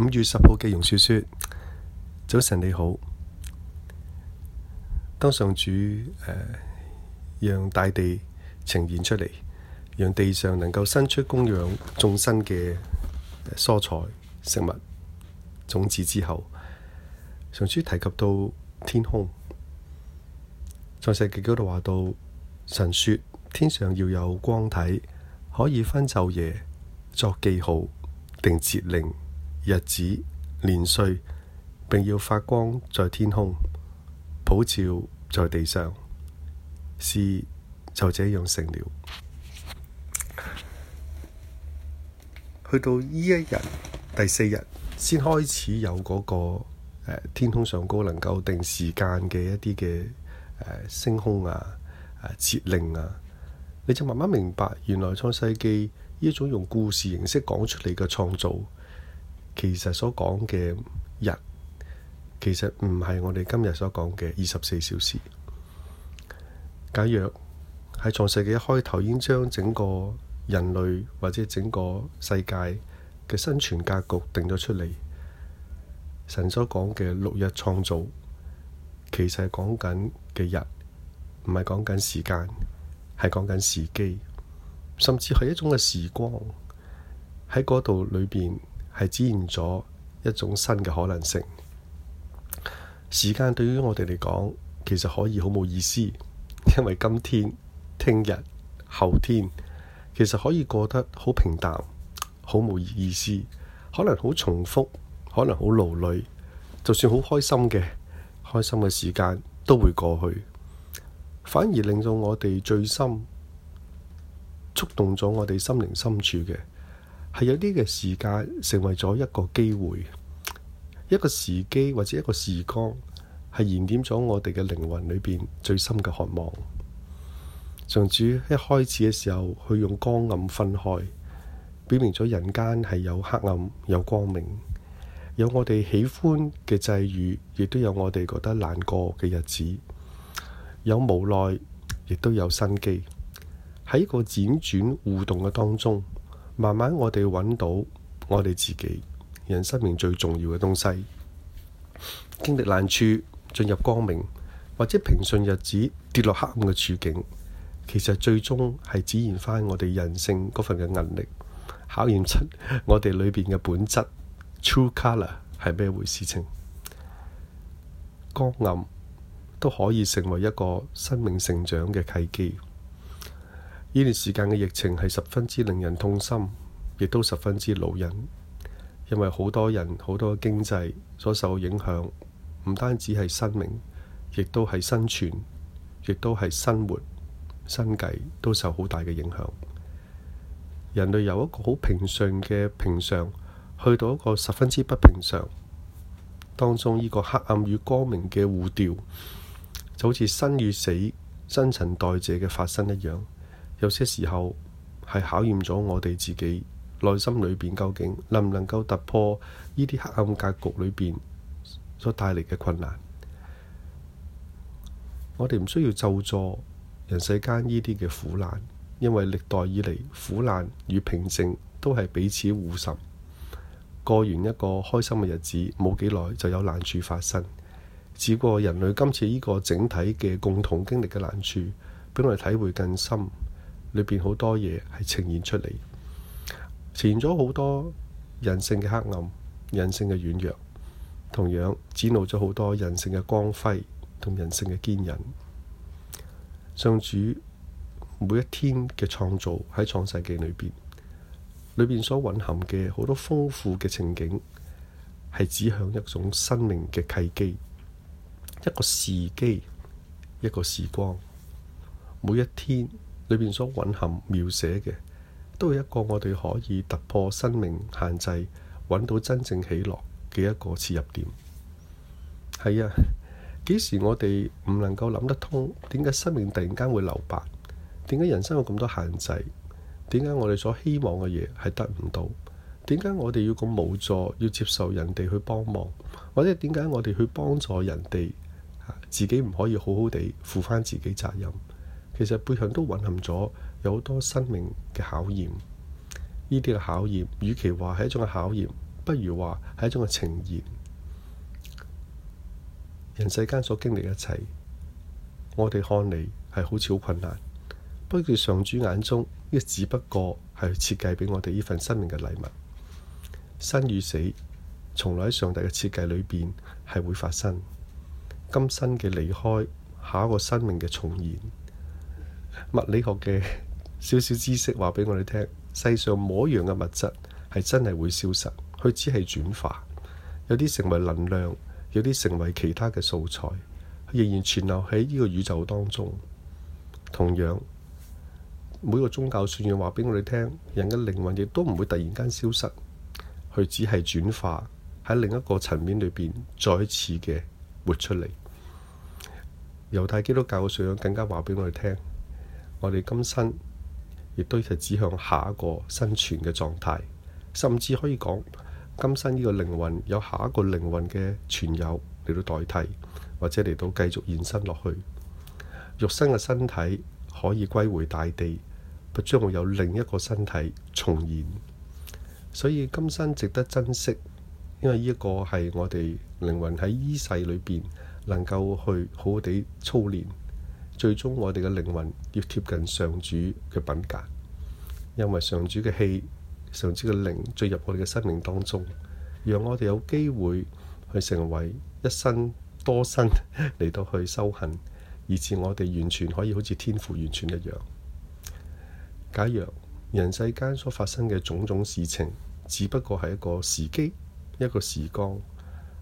五月十號嘅榕少說，早晨你好。當上主誒、呃、讓大地呈現出嚟，讓地上能夠生出供養眾生嘅蔬菜食物種子之後，上主提及到天空，在創世紀嗰度話到神說，天上要有光體，可以分晝夜作記號，定節令。日子年歲，並要發光在天空，普照在地上，是就這樣成了。去到呢一日第四日，先開始有嗰，那個誒、呃、天空上高能夠定時間嘅一啲嘅誒星空啊誒節令啊，你就慢慢明白，原來創世記呢一種用故事形式講出嚟嘅創造。其實所講嘅日，其實唔係我哋今日所講嘅二十四小時。假若喺創世紀一開頭已經將整個人類或者整個世界嘅生存格局定咗出嚟，神所講嘅六日創造，其實係講緊嘅日，唔係講緊時間，係講緊時機，甚至係一種嘅時光喺嗰度裏邊。係展現咗一種新嘅可能性。時間對於我哋嚟講，其實可以好冇意思，因為今天、聽日、後天，其實可以過得好平淡、好冇意思，可能好重複，可能好勞累，就算好開心嘅、開心嘅時間都會過去，反而令到我哋最深觸動咗我哋心靈深處嘅。係有啲嘅時間成為咗一個機會，一個時機或者一個時光，係燃點咗我哋嘅靈魂裏邊最深嘅渴望。從主一開始嘅時候，佢用光暗分開，表明咗人間係有黑暗、有光明，有我哋喜歡嘅際遇，亦都有我哋覺得難過嘅日子，有無奈，亦都有生機。喺個輾轉互動嘅當中，慢慢我哋揾到我哋自己人生命最重要嘅東西，經歷難處進入光明，或者平順日子跌落黑暗嘅處境，其實最終係展現翻我哋人性嗰份嘅能力，考驗出我哋裏邊嘅本質 true color 係咩回事情，光暗都可以成為一個生命成長嘅契機。呢段時間嘅疫情係十分之令人痛心，亦都十分之勞人，因為好多人好多經濟所受影響，唔單止係生命，亦都係生存，亦都係生活、生計都受好大嘅影響。人類由一個好平常嘅平常，去到一個十分之不平常，當中呢個黑暗與光明嘅互調，就好似生與死、新陳代謝嘅發生一樣。有些時候係考驗咗我哋自己內心裏邊，究竟能唔能夠突破呢啲黑暗格局裏邊所帶嚟嘅困難。我哋唔需要就助人世間呢啲嘅苦難，因為歷代以嚟苦難與平靜都係彼此互滲。過完一個開心嘅日子，冇幾耐就有難處發生。只不過人類今次呢個整體嘅共同經歷嘅難處，俾我哋體會更深。裏邊好多嘢係呈現出嚟，呈現咗好多人性嘅黑暗、人性嘅軟弱，同樣展露咗好多人性嘅光輝同人性嘅堅忍。上主每一天嘅創造喺創世記裏邊，裏邊所蘊含嘅好多豐富嘅情景，係指向一種生命嘅契機，一個時機，一個時光，每一天。裏面所蘊含描寫嘅，都係一個我哋可以突破生命限制、搵到真正喜樂嘅一個切入點。係啊，幾時我哋唔能夠諗得通？點解生命突然間會留白？點解人生有咁多限制？點解我哋所希望嘅嘢係得唔到？點解我哋要咁無助，要接受人哋去幫忙？或者點解我哋去幫助人哋，自己唔可以好好地負翻自己責任？其實背後都隱含咗有好多生命嘅考驗，呢啲嘅考驗，與其話係一種嘅考驗，不如話係一種嘅呈現。人世間所經歷嘅一切，我哋看嚟係好似好困難，不過上主眼中亦只不過係設計俾我哋呢份生命嘅禮物。生與死，從來喺上帝嘅設計裏邊係會發生。今生嘅離開，下一個生命嘅重現。物理學嘅少少知識話俾我哋聽，世上冇一樣嘅物質係真係會消失，佢只係轉化，有啲成為能量，有啲成為其他嘅素材，佢仍然存留喺呢個宇宙當中。同樣每個宗教信仰話俾我哋聽，人嘅靈魂亦都唔會突然間消失，佢只係轉化喺另一個層面裏邊再次嘅活出嚟。猶太基督教嘅信仰更加話俾我哋聽。我哋今生亦都係指向下一個生存嘅狀態，甚至可以講今生呢個靈魂有下一個靈魂嘅存有嚟到代替，或者嚟到繼續延伸落去。肉身嘅身體可以歸回大地，佢將會有另一個身體重現。所以今生值得珍惜，因為呢一個係我哋靈魂喺依世裏邊能夠去好好地操練。最終，我哋嘅靈魂要貼近上主嘅品格，因為上主嘅氣、上主嘅靈進入我哋嘅生命當中，讓我哋有機會去成為一生多生嚟到去修行，以致我哋完全可以好似天父完全一樣。假若人世間所發生嘅種種事情，只不過係一個時機、一個時光，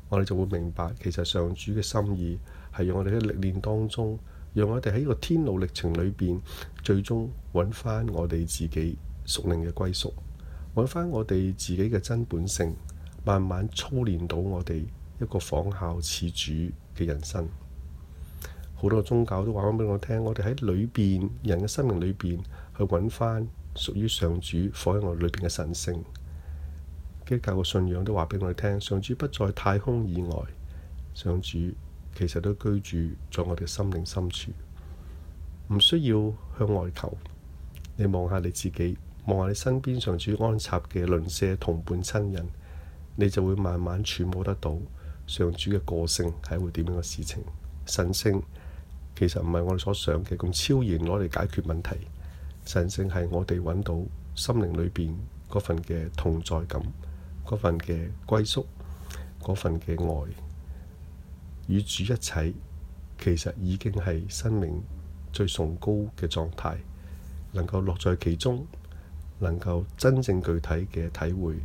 我哋就會明白其實上主嘅心意係讓我哋喺歷練當中。讓我哋喺呢個天路歷程裏邊，最終揾翻我哋自己屬靈嘅歸屬，揾翻我哋自己嘅真本性，慢慢操練到我哋一個仿效似主嘅人生。好多宗教都話翻俾我聽，我哋喺裏邊人嘅生命裏邊去揾翻屬於上主放喺我裏邊嘅神性。基督教嘅信仰都話俾我哋聽，上主不在太空以外，上主。其實都居住在我哋心靈深處，唔需要向外求。你望下你自己，望下你身邊上主安插嘅鄰舍、同伴、親人，你就會慢慢揣摩得到上主嘅個性係會點樣嘅事情。神聖其實唔係我哋所想嘅咁超然攞嚟解決問題。神聖係我哋揾到心靈裏邊嗰份嘅同在感，嗰份嘅歸宿，嗰份嘅愛。與主一齊，其實已經係生命最崇高嘅狀態。能夠樂在其中，能夠真正具體嘅體會，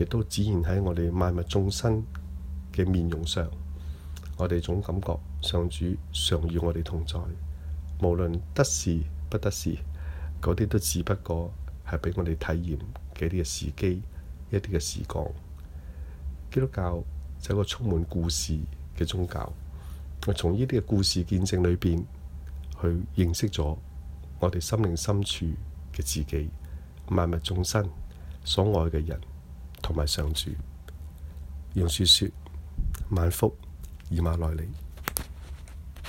亦都展現喺我哋萬物眾生嘅面容上。我哋總感覺上主常與我哋同在，無論得時不得時，嗰啲都只不過係俾我哋體驗嘅一啲嘅時機，一啲嘅時光。基督教就係一個充滿故事嘅宗教，我從呢啲嘅故事見證裏邊，去認識咗我哋心靈深處嘅自己，萬物眾生所愛嘅人，同埋上主。楊雪雪，萬福以馬內利。